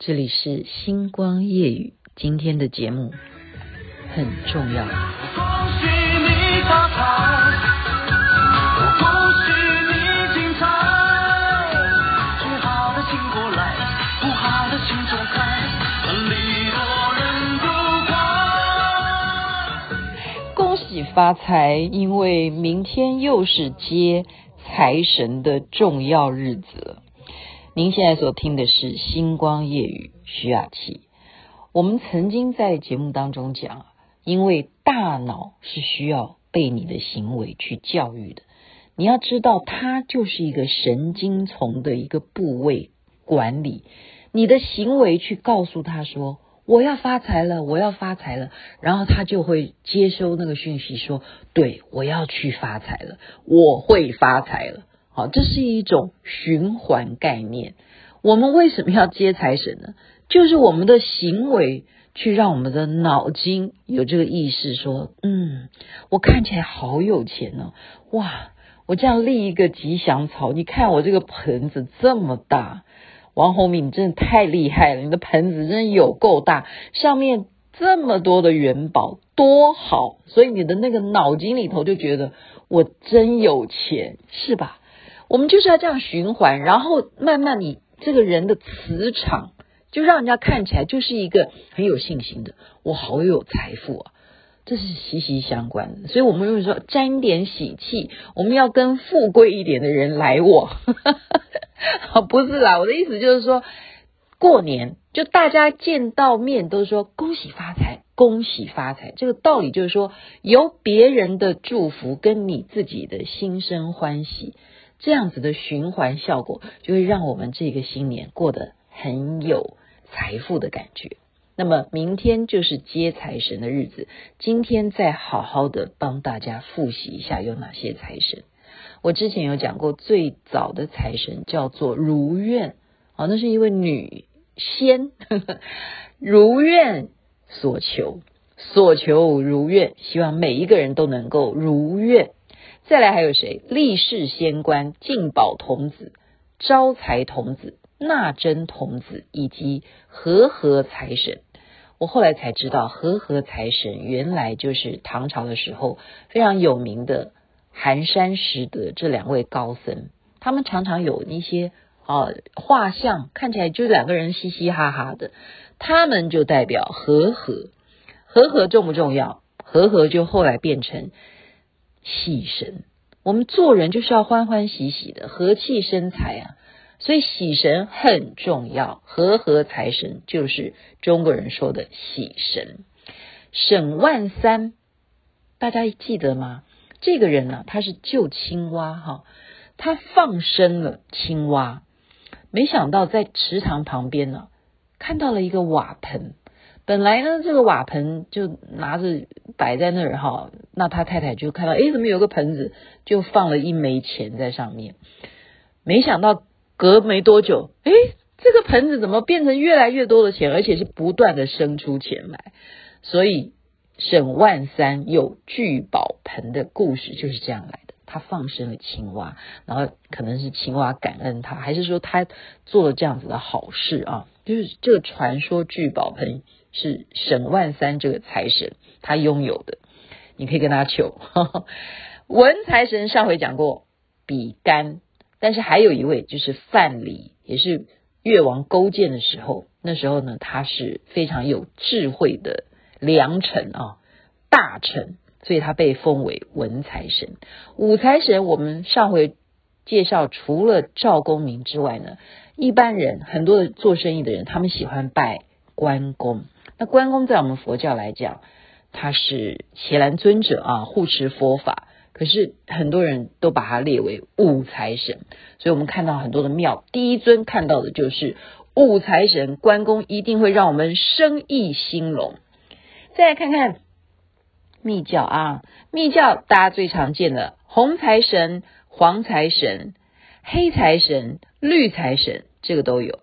這裡是星光夜語，今天的節目很重要。恭喜你發財，我恭喜你精彩。最好的請過來，不好的請走開，禮多人不怪。恭喜發財，因為明天又是接財神的重要日子。您現在所聽的是《星光夜語》，徐雅琪。我們曾經在節目當中講，因為大腦是需要被你的行為去教育的。你要知道，它就是一個神經叢的一個部位管理。你的行為去告訴他說：“我要發財了，我要發財了。”然後他就會接收那個訊息，說：“對，我要去發財了，我會發財了。”好，這是一種循環概念。我們為什麼要接財神呢？就是我們的行為去讓我們的腦筋有這個意識，說：“嗯，我看起來好有錢呢、啊！哇，我這樣立一個吉祥草，你看我這個盆子這麼大。王宏敏你真的太厲害了，你的盆子真有夠大，上面這麼多的元寶，多好！所以你的那個腦筋裡頭就覺得我真有錢，是吧？”我們就是要這樣循環，然後慢慢你這個人的磁場就讓人家看起來就是一個很有信心的。我好有財富啊，這是息息相關的。所以我們用說沾點喜氣，我們要跟富貴一點的人來往。 不是啦，我的意思就是說，過年就大家見到面都說恭喜發財，恭喜發財。這個道理就是說，由別人的祝福跟你自己的心生歡喜。這樣子的循環效果，就會讓我們這個新年過得很有財富的感覺。那麼明天就是接財神的日子，今天再好好的幫大家複習一下有哪些財神。我之前有講過最早的財神叫做如願，啊、哦，那是一位女仙，呵呵，如願所求，所求如願，希望每一個人都能夠如願。再來還有誰？利市仙官、進寶童子、招財童子、納珍童子，以及和合財神。我後來才知道，和合財神原來就是唐朝的時候非常有名的寒山、拾得這兩位高僧。他們常常有那些啊、哦、畫像，看起來就兩個人嘻嘻哈哈的，他們就代表和合，和合重不重要？和合就後來變成。喜神，我們做人就是要歡歡喜喜的，和氣生財啊，所以喜神很重要。和和財神就是中國人說的喜神。沈萬三，大家記得嗎？這個人呢、啊，他是救青蛙哈、哦，他放生了青蛙，沒想到在池塘旁邊呢、啊，看到了一個瓦盆。本來呢，這個瓦盆就拿着擺在那兒哈。哦那他太太就看到，哎，怎麼有個盆子，就放了一枚錢在上面。沒想到隔沒多久，哎，這個盆子怎麼變成越來越多的錢，而且是不斷地生出錢來。所以沈萬三有聚寶盆的故事就是這樣來的。他放生了青蛙，然後可能是青蛙感恩他，還是說他做了這樣子的好事啊？就是這個傳說，聚寶盆是沈萬三這個財神他擁有的。你可以跟他求呵呵文財神。上回講過比干，但是還有一位就是范蠡，也是越王勾踐的時候，那時候呢，他是非常有智慧的良臣啊，大臣，所以他被封為文財神。武財神我們上回介紹，除了趙公明之外呢，一般人很多的做生意的人，他們喜歡拜關公。那關公在我們佛教來講。他是伽藍尊者啊，護持佛法。可是很多人都把他列為武財神，所以我們看到很多的廟，第一尊看到的就是武財神關公，一定會讓我們生意興隆。再來看看密教啊，密教大家最常見的紅財神、黃財神、黑財神、綠財神，這個都有。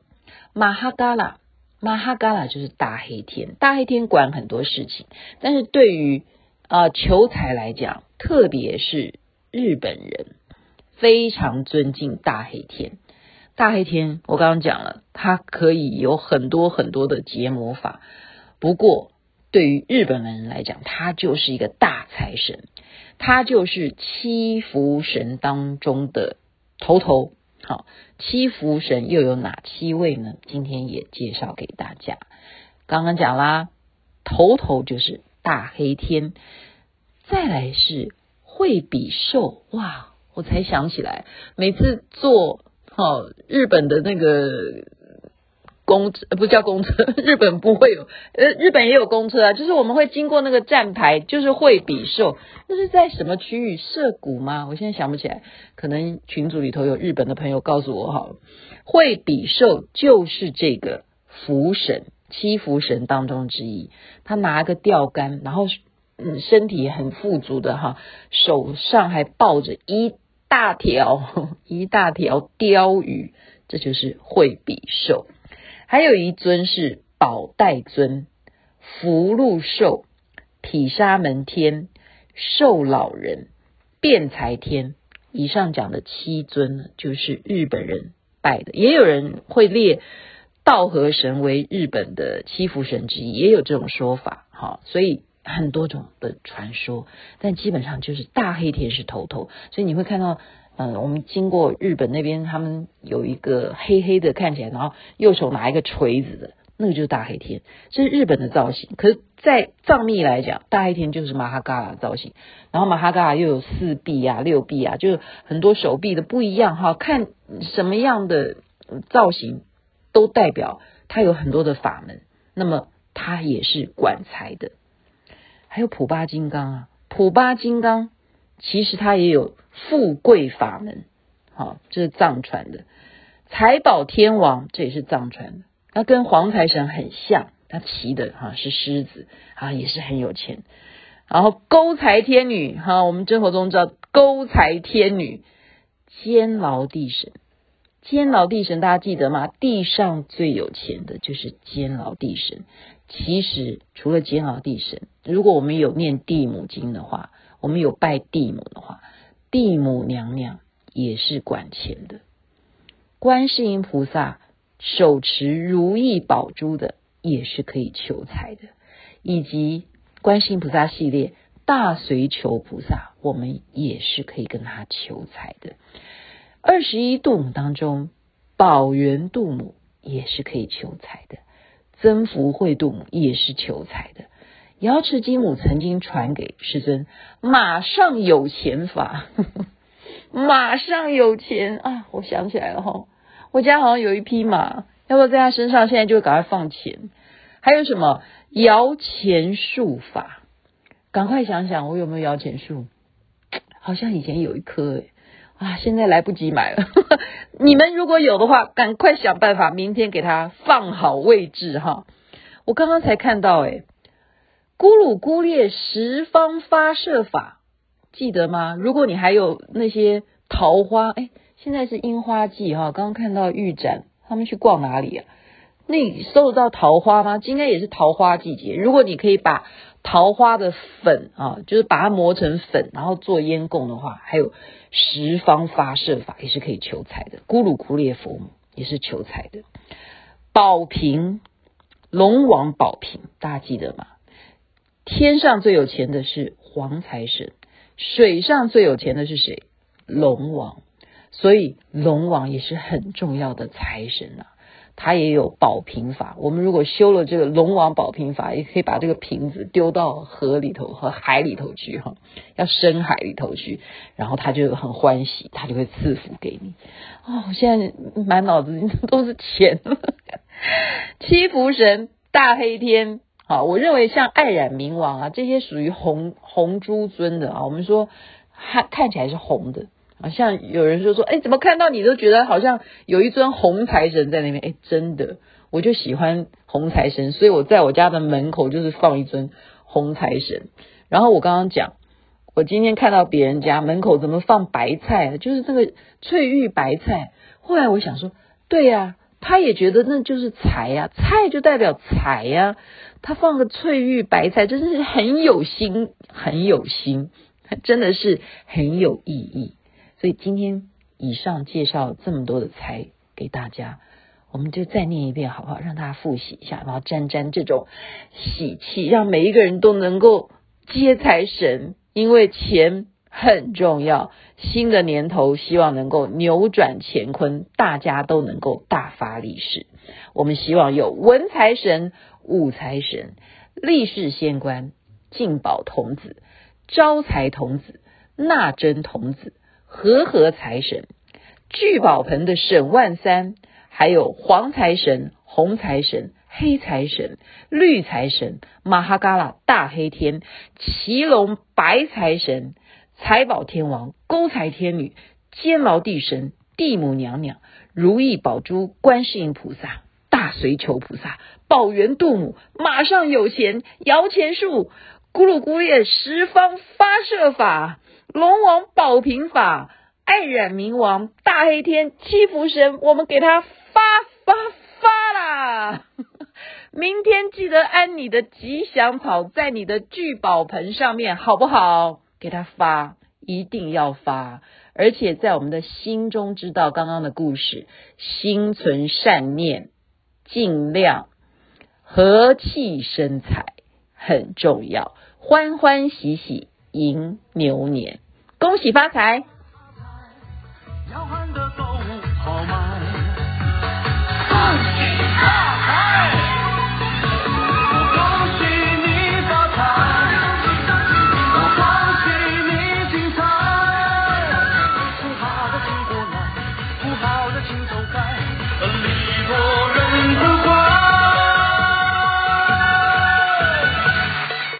馬哈嘎拉。馬哈嘎拉就是大黑天，大黑天管很多事情，但是對於啊、呃、求財來講，特別是日本人非常尊敬大黑天。大黑天我剛剛講了，它可以有很多很多的結魔法，不過對於日本人來講，他就是一個大財神，他就是七福神當中的頭頭。好，七福神又有哪七位呢？今天也介紹給大家。剛剛講啦，頭頭就是大黑天，再來是惠比壽。哇，我才想起來，每次做哦日本的那個。公車、呃、不叫公車，日本不會有，呃，日本也有公車啊。就是我們會經過那個站牌，就是惠比壽，那是在什麼區域？澀谷嗎？我現在想不起來，可能群組裡頭有日本的朋友告訴我好了。惠比壽就是這個福神七福神當中之一，他拿個釣竿，然後嗯，身體很富足的哈，手上還抱着一大條一大條鯛魚，這就是惠比壽。還有一尊是布袋尊、福祿壽、毗沙門天、壽老人、辯才天。以上講的七尊就是日本人拜的。也有人會列道和神為日本的七福神之一，也有這種說法。哈，所以很多種的傳說，但基本上就是大黑天是頭頭，所以你會看到。嗯，我們經過日本那邊，他們有一個黑黑的，看起來，然後右手拿一個錘子的，那個就是大黑天，這是日本的造型。可是，在藏密來講，大黑天就是瑪哈嘎拉造型，然後瑪哈嘎拉又有四臂啊、六臂啊，就很多手臂的不一樣哈、哦。看什麼樣的造型，都代表它有很多的法門。那麼，它也是管財的，還有普巴金剛啊，普巴金剛。其實他也有富貴法門，好、哦，這是藏傳的財寶天王，這也是藏傳的。他跟黃財神很像，他騎的哈是獅子，啊，也是很有錢。然後勾財天女哈、啊，我們真佛宗知道勾財天女，監牢地神，監牢地神大家記得嗎？地上最有錢的就是監牢地神。其實除了監牢地神，如果我們有念地母經的話。我們有拜地母的話，地母娘娘也是管錢的。觀世音菩薩手持如意寶珠的，也是可以求財的。以及觀世音菩薩系列大隨求菩薩，我們也是可以跟他求財的。二十一度母當中，寶源度母也是可以求財的，增福慧度母也是求財的。瑤池金母曾經傳給師尊，馬上有錢法，呵呵馬上有錢啊！我想起來了哈、哦，我家好像有一匹馬，要不要在他身上，現在就趕快放錢。還有什麼搖錢樹法？趕快想想我有沒有搖錢樹？好像以前有一棵誒，啊，現在來不及買了呵呵。你們如果有的話，趕快想辦法，明天給它放好位置哈。我剛剛才看到誒咕嚕咕咧十方發射法，記得嗎？如果你還有那些桃花，哎，現在是櫻花季哈、哦，剛剛看到預展，他們去逛哪裡啊？那你搜得到桃花嗎？應該也是桃花季節。如果你可以把桃花的粉啊，就是把它磨成粉，然後做煙供的話，還有十方發射法也是可以求財的。咕嚕咕咧佛母也是求財的。寶瓶，龍王寶瓶，大家記得嗎？天上最有錢的是黃財神，水上最有錢的是誰？龍王。所以龍王也是很重要的財神啊，他也有寶瓶法。我們如果修了這個龍王寶瓶法，也可以把這個瓶子丟到河裡頭和海裡頭去哈、啊，要深海裡頭去，然後他就很歡喜，他就會賜福給你。哦，我現在滿腦子都是錢了。七 福神，大黑天。好，我認為像愛染明王啊，這些屬於紅紅珠尊的啊。我們說它看起來是紅的啊，像有人說說，哎，怎麼看到你都覺得好像有一尊紅財神在那邊？哎，真的，我就喜歡紅財神，所以我在我家的門口就是放一尊紅財神。然後我剛剛講，我今天看到別人家門口怎麼放白菜啊，就是這個翠玉白菜。後來我想說，對呀，他也覺得那就是財呀，菜就代表財呀。他放的翠玉白菜，真是很有心，很有心，他真的是很有意義。所以今天以上介紹這麼多的菜給大家，我們就再念一遍，好不好？讓大家複習一下，然後沾沾這種喜氣，讓每一個人都能夠接財神，因為錢很重要，新的年頭希望能夠扭轉乾坤，大家都能夠大發利市。我們希望有文財神、武財神、利市仙官、進寶童子、招財童子、納珍童子、和合財神、聚寶盆的沈萬三，還有黃財神、紅財神、黑財神、綠財神、馬哈嘎拉大黑天、騎龍白財神。財寶天王、勾財天女、堅牢地神、地母娘娘、如意寶珠、觀世音菩薩、大隨求菩薩、寶源度母、馬上有錢、搖錢樹、咕嚕咕嚕，十方發射法、龍王寶瓶法、愛染明王、大黑天七福神，我們給他發發發啦！ 明天記得安你的吉祥草在你的聚寶盆上面，好不好？給他發，一定要發，而且在我們的心中知道剛剛的故事，心存善念，盡量和氣生財很重要，歡歡喜喜迎牛年，恭喜發財。